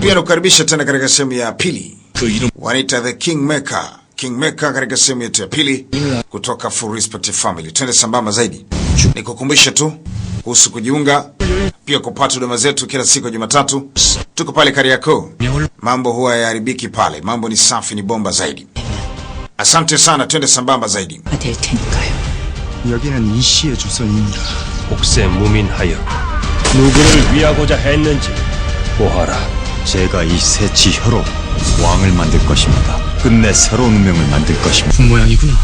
pia nakukaribisha tena katika sehemu ya pili, wanaita the Kingmaker, Kingmaker katika sehemu yetu ya pili kutoka Full Respect Family. Twende sambamba zaidi, nikukumbusha tu kuhusu kujiunga, pia kupata huduma zetu kila siku ya Jumatatu. Tuko pale Kariakoo, mambo huwa yaharibiki pale, mambo ni safi, ni bomba zaidi. Asante sana, twende sambamba zaidi. 여기는 이 시의 조선입니다. 혹세 무민하여 누구를 위하고자 했는지 보하라. 제가 이새 지혀로 왕을 만들 것입니다. 끝내 새로운 운명을 만들 것입니다. 모양이구나.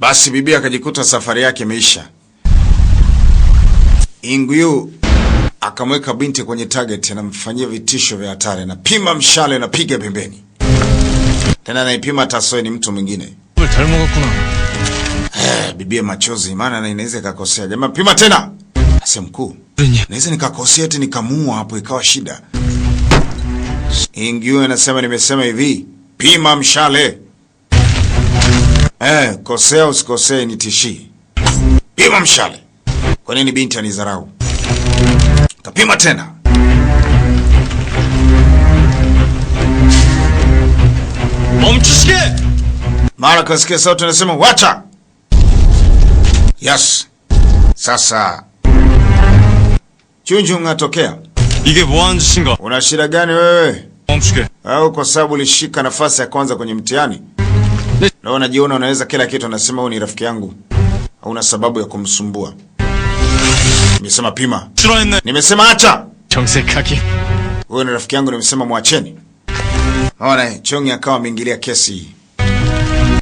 Basi bibi akajikuta safari yake imeisha. Ingyu akamweka binti kwenye target, anamfanyia vitisho vya hatari, anapima mshale, anapiga pembeni, tena anaipima tasoe ni mtu mwingine. Eh, bibi machozi, maana inaweza ikakosea. Jamaa pima tena, asema naweza nikakosea, eti nikamua hapo, ikawa shida. Ingyu anasema nimesema hivi, pima mshale. Eh, kosea usikosee nitishii. Pima mshale. Kwa nini binti anizarau? Kapima tena. Umtishike. Mara kasikia sauti anasema wacha. Yes. Sasa Chunju tokea. 이게 뭐 하는 짓인가? gani wewe? 멈추게. Au kwa sababu ulishika nafasi ya kwanza kwenye mtihani? 네. Na unajiona unaweza kila kitu, anasema wewe ni rafiki yangu. Hauna sababu ya kumsumbua. Nimesema pima. Nimesema acha. 정색하기. Wewe ni rafiki yangu, nimesema mwacheni. Ona, Chongi akawa ameingilia kesi hii.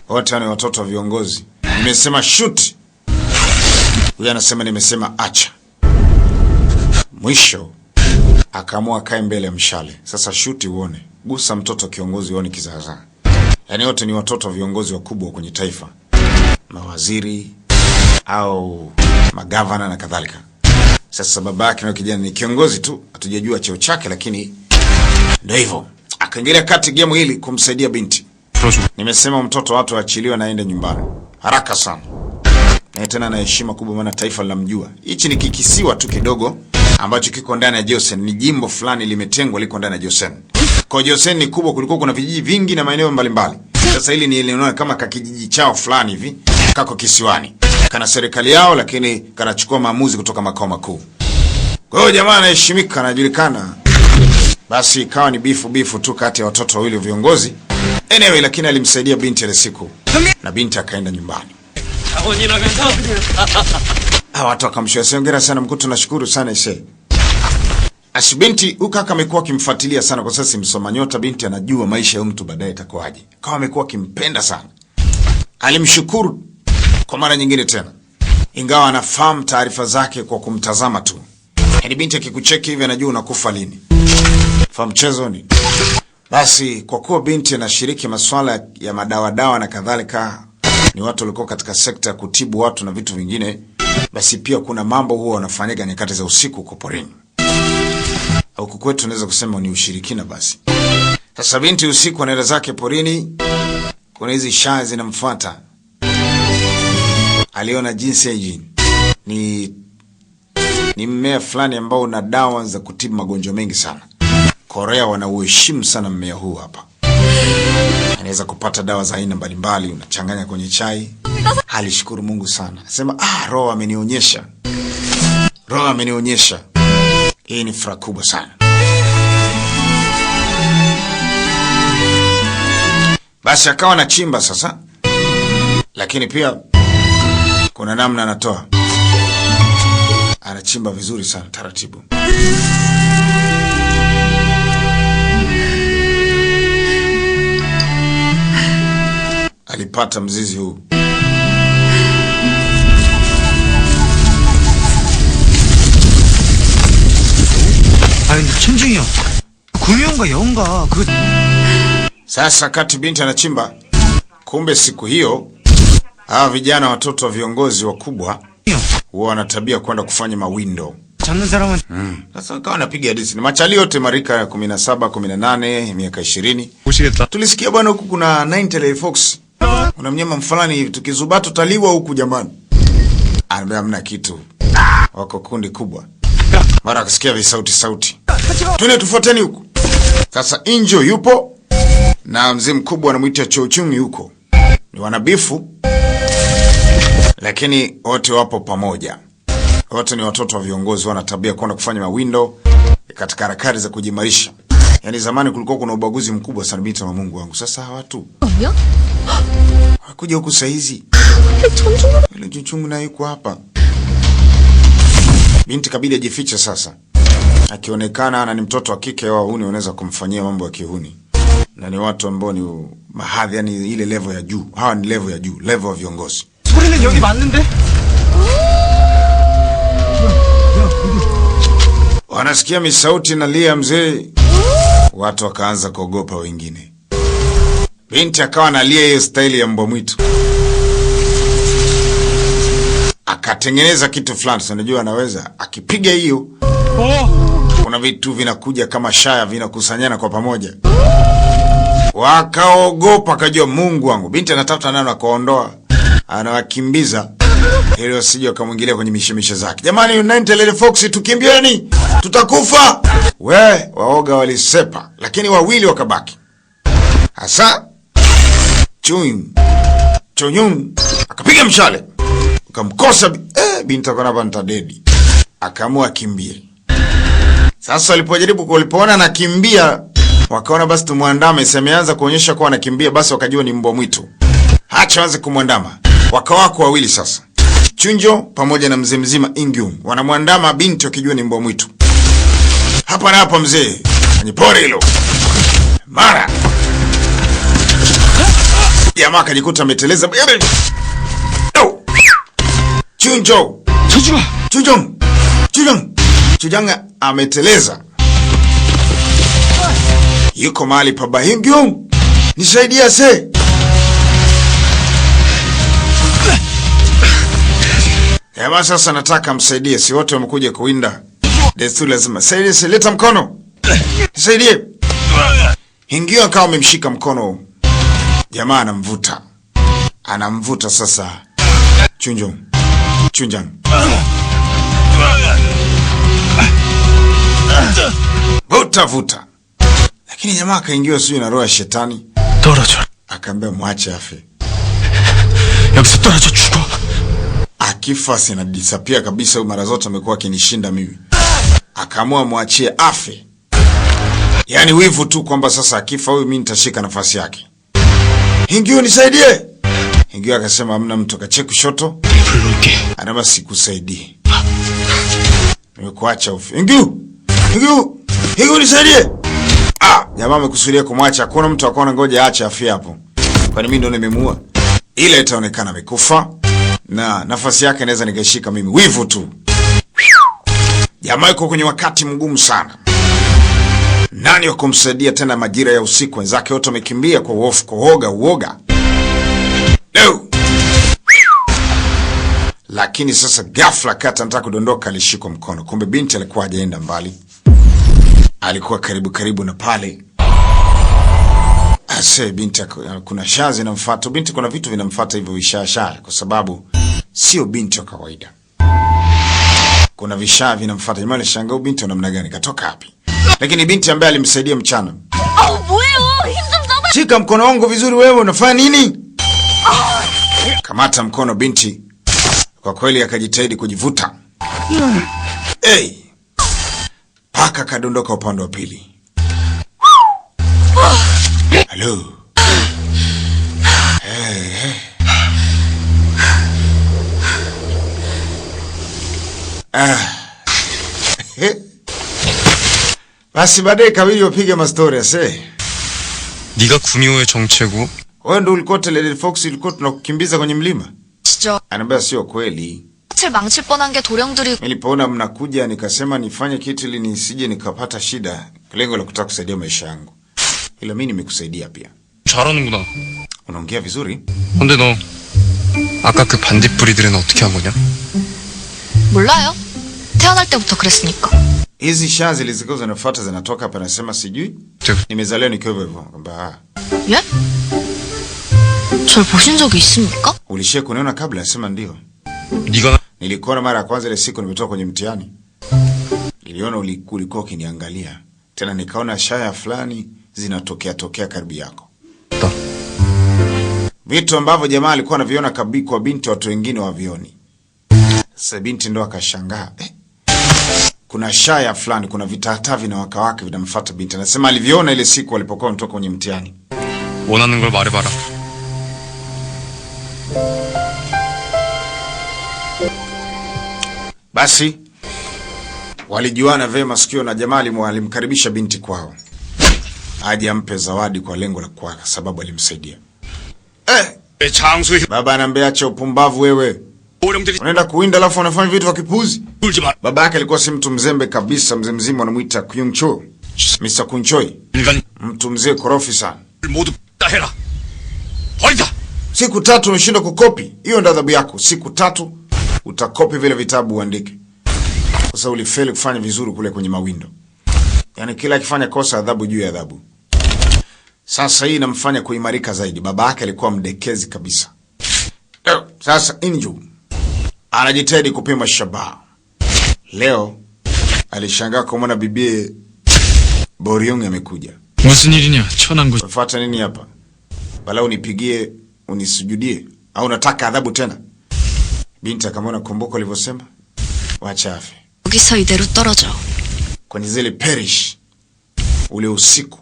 Wote ni watoto wa viongozi. Nimesema shoot. Huyu anasema nimesema acha. Mwisho akaamua akae mbele mshale. Sasa shuti uone, gusa mtoto kiongozi uone kizaazaa. Yaani wote ni watoto viongozi wakubwa kwenye taifa, mawaziri au magavana na kadhalika. Sasa baba yake na kijana ni kiongozi tu, hatujajua cheo chake, lakini ndio hivyo, akaingilia kati game hili kumsaidia binti. Nimesema mtoto watu aachiliwe na aende nyumbani haraka sana, na tena na heshima kubwa, maana taifa linamjua. Hichi ni kikisiwa tu kidogo ambacho kiko ndani ya Josen, ni jimbo fulani limetengwa liko ndani ya Josen. Kwa Josen ni kubwa kuliko kuna vijiji vingi na maeneo mbalimbali. Sasa hili ni eneo kama kakijiji chao fulani hivi kako kisiwani, kana serikali yao, lakini kanachukua maamuzi kutoka makao makuu. Kwa hiyo jamaa anaheshimika, anajulikana. Basi ikawa ni bifu bifu tu kati ya watoto wawili viongozi. Anyway, lakini alimsaidia binti ile siku na binti akaenda nyumbani. Hawa watu wakamshia hongera sana mkuu, tunashukuru sana ise. Ashbinti ukaka amekuwa akimfuatilia sana kwa sasa, simsoma nyota binti anajua maisha ya mtu baadaye itakuwaje. Kama amekuwa akimpenda sana. Alimshukuru kwa mara nyingine tena. Ingawa anafahamu taarifa zake kwa kumtazama tu. Yaani binti akikucheki hivi anajua unakufa lini. Fahamu mchezo ni. Basi kwa kuwa binti anashiriki masuala ya madawa dawa na kadhalika, ni watu walikuwa katika sekta ya kutibu watu na vitu vingine, basi pia kuna mambo huwa wanafanyika nyakati za usiku huko porini. Huku kwetu tunaweza kusema ni ushirikina. Basi sasa, binti usiku anaenda zake porini, kuna hizi shaa zinamfuata. Aliona jinsi hii ni ni mmea fulani ambao una dawa za kutibu magonjwa mengi sana. Korea wanauheshimu sana mmea huu hapa anaweza kupata dawa za aina mbalimbali, unachanganya kwenye chai. Alishukuru Mungu sana, anasema ah, roho amenionyesha, roho amenionyesha. Hii ni furaha kubwa sana. Basi akawa na chimba sasa, lakini pia kuna namna anatoa, anachimba vizuri sana taratibu. alipata mzizi huu. Sasa kati binti anachimba, kumbe siku hiyo hawa vijana watoto wa viongozi wakubwa huwa wana tabia kwenda kufanya mawindo. Hmm. Sasa kawa napiga hadithi ni machali yote marika ya 17, 18, miaka ishirini Tulisikia bwana huku kuna 9 Fox Una mnyama mfulani hivi tukizubata tutaliwa huku jamani. Anaambia ah, hamna kitu. Wako kundi kubwa. Mara akasikia vi sauti. Twende tufuateni huku. Sasa Injo yupo na mzee mkubwa anamuita Chouchungi huko. Ni wanabifu. Lakini wote wapo pamoja. Wote ni watoto wa viongozi, wana tabia kwenda kufanya mawindo katika harakati za kujimarisha. Yaani zamani kulikuwa kuna ubaguzi mkubwa sana binti wa Mungu wangu. Sasa hawa watu wakuja huku saa hizi. Ile chuchungu na yuko hapa. Binti kabili ajificha sasa. Akionekana na ni mtoto wa kike wao huni unaweza kumfanyia mambo ya kihuni. Na ni watu ambao ni mahadhi, yani ile level ya juu. Hawa ni level ya juu, level ya viongozi. Kulele yogi bandende. Wanasikia misauti na lia mzee watu wakaanza kuogopa wengine. Binti akawa analia hiyo staili ya mbwa mwitu, akatengeneza kitu fulani, unajua anaweza akipiga hiyo, kuna vitu vinakuja kama shaya, vinakusanyana kwa pamoja, wakaogopa, akajua Mungu wangu, binti anatafuta nano, akaondoa, anawakimbiza hilo wasije wakamwingilia kwenye mishemishe zake. Jamani, United Lady Fox, tukimbieni, tutakufa. We waoga walisepa, lakini wawili wakabaki. Hasa Chun Chunyun akapiga mshale akamkosa, eh, binti akona hapa nitadedi, akaamua akimbie. Sasa walipojaribu walipoona anakimbia, wakaona basi tumwandame, semeanza kuonyesha kuwa anakimbia, basi wakajua ni mbwa mwitu, hacha waanze kumwandama, wakawako wawili sasa Chunjo pamoja na mzee mzima Ingium wanamwandama binti wakijua ni mbwa mwitu. Hapa na hapa mzee anyipore hilo mara jamaa akajikuta ameteleza. Chunjo Chunjo Chunjo Chunjo Chujanga ameteleza, yuko mahali pa Bahingium, nisaidia se Jamaa sasa nataka msaidie, si wote wamekuja kuwinda desturi, lazima saidie, leta mkono, saidie. Hingio akawa amemshika mkono, jamaa anamvuta, anamvuta sasa. Chunjo chunjan, vuta vuta, lakini jamaa akaingiwa sijui na roho ya shetani, akaambia mwache afe yaani akifa sina disappear kabisa. mara zote amekuwa akinishinda mimi, akaamua mwachie afe, yaani wivu tu kwamba sasa akifa huyu mimi nitashika nafasi yake. Hingio, nisaidie Hingio. Akasema amna mtu, kache kushoto, anama sikusaidii, nimekuacha ufi. Hingio, Hingio, Hingio, nisaidie. Ah, jamaa amekusudia kumwacha, hakuna mtu akona ngoja aache afia hapo, kwani mimi ndo nimemua. Ile itaonekana amekufa na nafasi yake naweza nikaishika mimi. Wivu tu, jamaa yuko kwenye wakati mgumu sana. Nani wa kumsaidia tena majira ya usiku? Wenzake wote wamekimbia kwa hofu, kwa uoga, uoga no. Lakini sasa ghafla kati anataka kudondoka, alishikwa mkono. Kumbe binti alikuwa hajaenda mbali, alikuwa karibu karibu na pale Ase binti kuna shaa zinamfuata binti, kuna vitu vinamfuata hivyo vishaashaa, kwa sababu sio binti wa kawaida. Kuna vishaa vinamfuata. Jamani, shangaa binti wa namna gani, katoka wapi? Lakini binti ambaye alimsaidia mchana. Shika mkono wangu vizuri, wewe unafanya nini? Kamata mkono binti. Kwa kweli akajitahidi kujivuta. Hey, paka kadondoka upande wa pili. Allô Hey, hey. Ah. Basi baadaye kawili wapige mastori eh. ase. 네가 구미호의 정체고 wewe ndo ulikuwa Terry Fox ilikuwa tunakukimbiza kwenye mlima? Sio. Anambia sio kweli. 망칠 망칠 뻔한 게 도령들이 Nilipoona mnakuja nikasema nifanye kitu ili nisije nikapata shida. Lengo la kutaka kusaidia maisha yangu ila mimi nimekusaidia pia. 잘하는구나. Unaongea vizuri. 근데 너 아까 그 반딧불이들은 어떻게 한 거냐? 몰라요. 태어날 때부터 그랬으니까. Hizi shaa zilizokuwa zinafuata zinatoka hapa, nasema sijui. Nimezaliwa nikiwa hivyo hivyo kwamba Ye? 절 boshin 적이 있습니까? ulishia kuniona kabla? Nasema ndio. 네가 Nilikuona mara ya kwanza ile siku nimetoka kwenye mtihani. Niliona ulikuwa ukiniangalia. Tena nikaona shaya fulani zinatokea tokea karibu yako Ta. Vitu ambavyo jamaa alikuwa anaviona kabii kwa binti, watu wengine wavioni. Sasa binti ndo akashangaa eh? Kuna shaya fulani, kuna vitata vina waka wake vinamfuata binti. Anasema aliviona ile siku alipokuwa mtoka kwenye mtihani. 원하는 걸 말해 봐라. Basi walijuana vema sikio na jamaa alimkaribisha binti kwao aje ampe zawadi kwa lengo la kwa sababu alimsaidia. Eh, eh Changsu baba anambia cha upumbavu wewe. Unaenda kuinda alafu unafanya vitu vya kipuzi. Baba yake alikuwa si mtu mzembe kabisa, mzee mzima anamuita Kyungcho. Mr. Kunchoi. Mtu mzee korofi sana. Siku tatu umeshindwa kukopi. Hiyo ndio adhabu yako. Siku tatu utakopi vile vitabu uandike. Sasa ulifeli kufanya vizuri kule kwenye mawindo. Yani kila akifanya kosa adhabu juu ya adhabu. Sasa hii inamfanya kuimarika zaidi. Baba yake alikuwa mdekezi kabisa. Leo sasa Inju anajitahidi kupima shabaha. Leo alishangaa kumwona bibie Boryung amekuja. Mfata nini hapa? Bala unipigie, unisujudie au unataka adhabu tena? Binti akamwona, kumbuka ulivyosema, wacha afe kwenye zile perish. ule usiku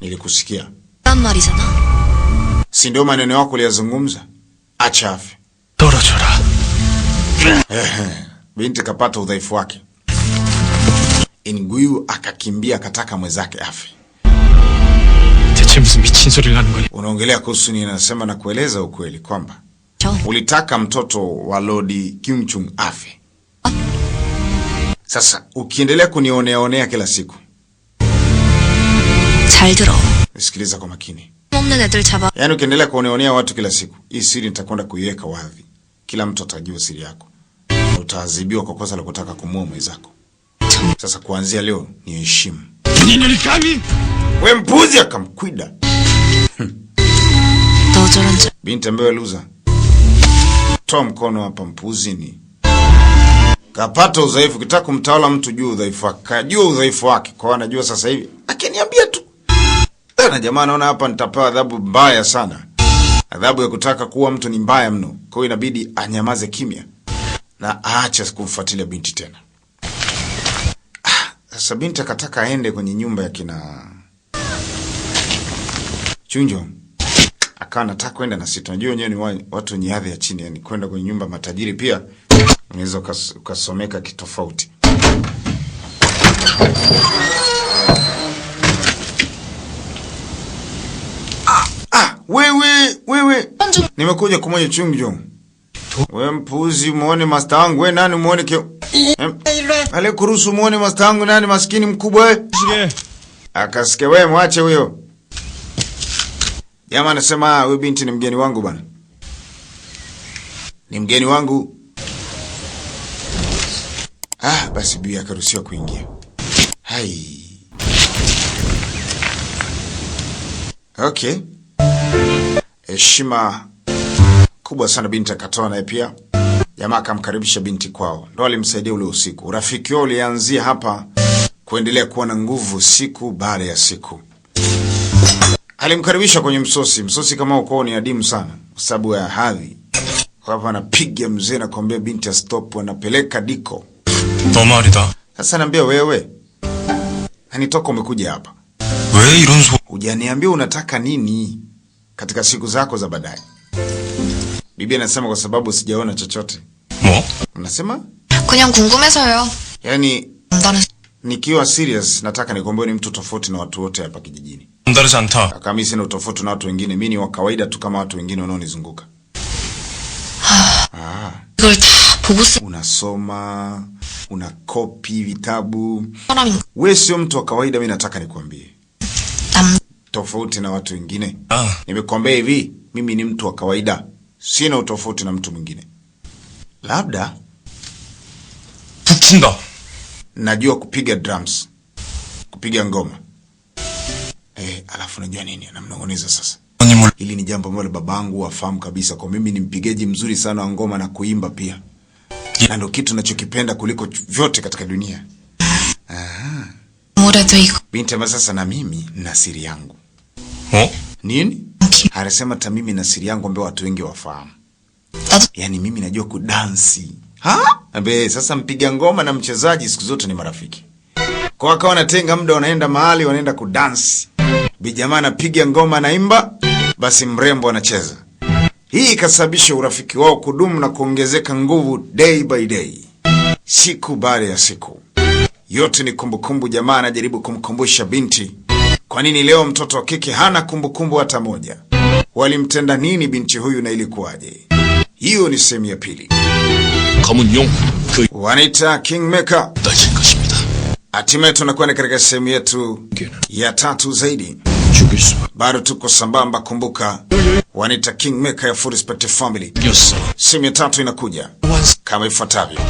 nilikusikia. Si ndio maneno yako uliyazungumza? Acha afe. Binti kapata udhaifu wake. Nguyu akakimbia akataka mwenzake afe. Unaongelea kuhusu nini? Nasema na kueleza ukweli kwamba ulitaka mtoto wa Lodi Kimchung afe. Ah. Sasa ukiendelea kunioneaonea kila siku, sikiliza kwa makini. Yaani ukiendelea kuoneonea watu kila siku, hii siri nitakwenda kuiweka wazi. Kila mtu atajua siri yako. Utaadhibiwa kwa kosa la kutaka kumuua mwenzako. Sasa kuanzia leo ni heshima. Nini mpuzi akamkwida. 너 hm. 저런 저... Binti ambaye loser. Toa mkono hapa mpuzi ni kapata udhaifu. Ukitaka kumtawala mtu, juu udhaifu wake, kajua udhaifu wake, kwa anajua sasa hivi akiniambia tu na jamaa, naona hapa nitapewa adhabu mbaya sana. Adhabu ya kutaka kuwa mtu ni mbaya mno, kwa hiyo inabidi anyamaze kimya na aache kumfuatilia binti tena. Ah, Sasa binti akataka aende kwenye nyumba ya kina Chunjo, akawa nataka kwenda na sita. Unajua wenyewe ni watu wenye hadhi ya chini, yani kwenda kwenye nyumba matajiri pia unaweza ukasomeka kitofauti. Ah, ah, wewe wewe, nimekuja chungu chungjo. We mpuzi, muone mastangu. We nani muone kio ale kurusu, muone mastangu. nani, maskini mkubwa eh? akasike. We mwache huyo jamaa. Anasema ah, huyu binti ni mgeni wangu bana, ni mgeni wangu Ah, basi bibi akaruhusiwa kuingia. Hai. Okay. Heshima kubwa sana binti akatoa naye pia. Jamaa akamkaribisha binti kwao. Ndo alimsaidia ule usiku. Urafiki wao ulianzia hapa kuendelea kuwa na nguvu siku baada ya siku. Alimkaribisha kwenye msosi. Msosi kama uko ni adimu sana kwa sababu ya hadhi. Hapa anapiga mzee na kumwambia binti stop, anapeleka diko. 너말이다. Sasa niambia wewe. Anitoka umekuja hapa. Wewe 이런 소. Hujaniambia unataka nini katika siku zako za baadaye. Bibi anasema kwa sababu sijaona chochote. Mo? Unasema? 그냥 궁금해서요. Yani 나는 nikiwa serious nataka nikomboe ni mtu tofauti na watu wote hapa kijijini. Ndarisha anta. Kama mimi sina utofauti na watu wengine, mimi ni wa kawaida tu kama watu wengine wanaonizunguka. Ah. ah kuhusu, unasoma unakopi vitabu, wewe sio mtu wa kawaida. Mimi nataka nikwambie um, tofauti na watu wengine uh, nimekwambia hivi, mimi ni mtu wa kawaida, sina utofauti na mtu mwingine, labda Tuchinda. Najua kupiga drums, kupiga ngoma eh, alafu najua nini anamnong'oneza sasa Hili ni jambo ambalo babangu wafahamu kabisa, kwa mimi ni mpigaji mzuri sana wa ngoma na kuimba pia na ndo kitu nachokipenda kuliko vyote katika dunia. Aha. Binti sasa na mimi na siri yangu. He? Nini? Anasema ta mimi na siri yangu ambayo watu wengi wafahamu. Yaani mimi najua kudansi. Ha? Ambe sasa mpiga ngoma na mchezaji siku zote ni marafiki. Kwa akawa wanatenga muda wanaenda mahali wanaenda kudansi. Bi jamaa anapiga ngoma naimba, basi mrembo anacheza. Hii ikasababisha urafiki wao kudumu na kuongezeka nguvu day by day, siku baada ya siku. Yote ni kumbukumbu. Jamaa anajaribu kumkumbusha binti, kwa nini leo mtoto wa kike hana kumbukumbu hata moja? Walimtenda nini binti huyu na ilikuwaje? Hiyo ni sehemu ya pili. Wanaita Kingmaker. Hatimaye tunakuwa katika sehemu yetu ya tatu zaidi. Bado tuko sambamba, kumbuka Wanita Kingmaker ya Full Respect Family. Simu ya tatu inakuja kama ifuatavyo.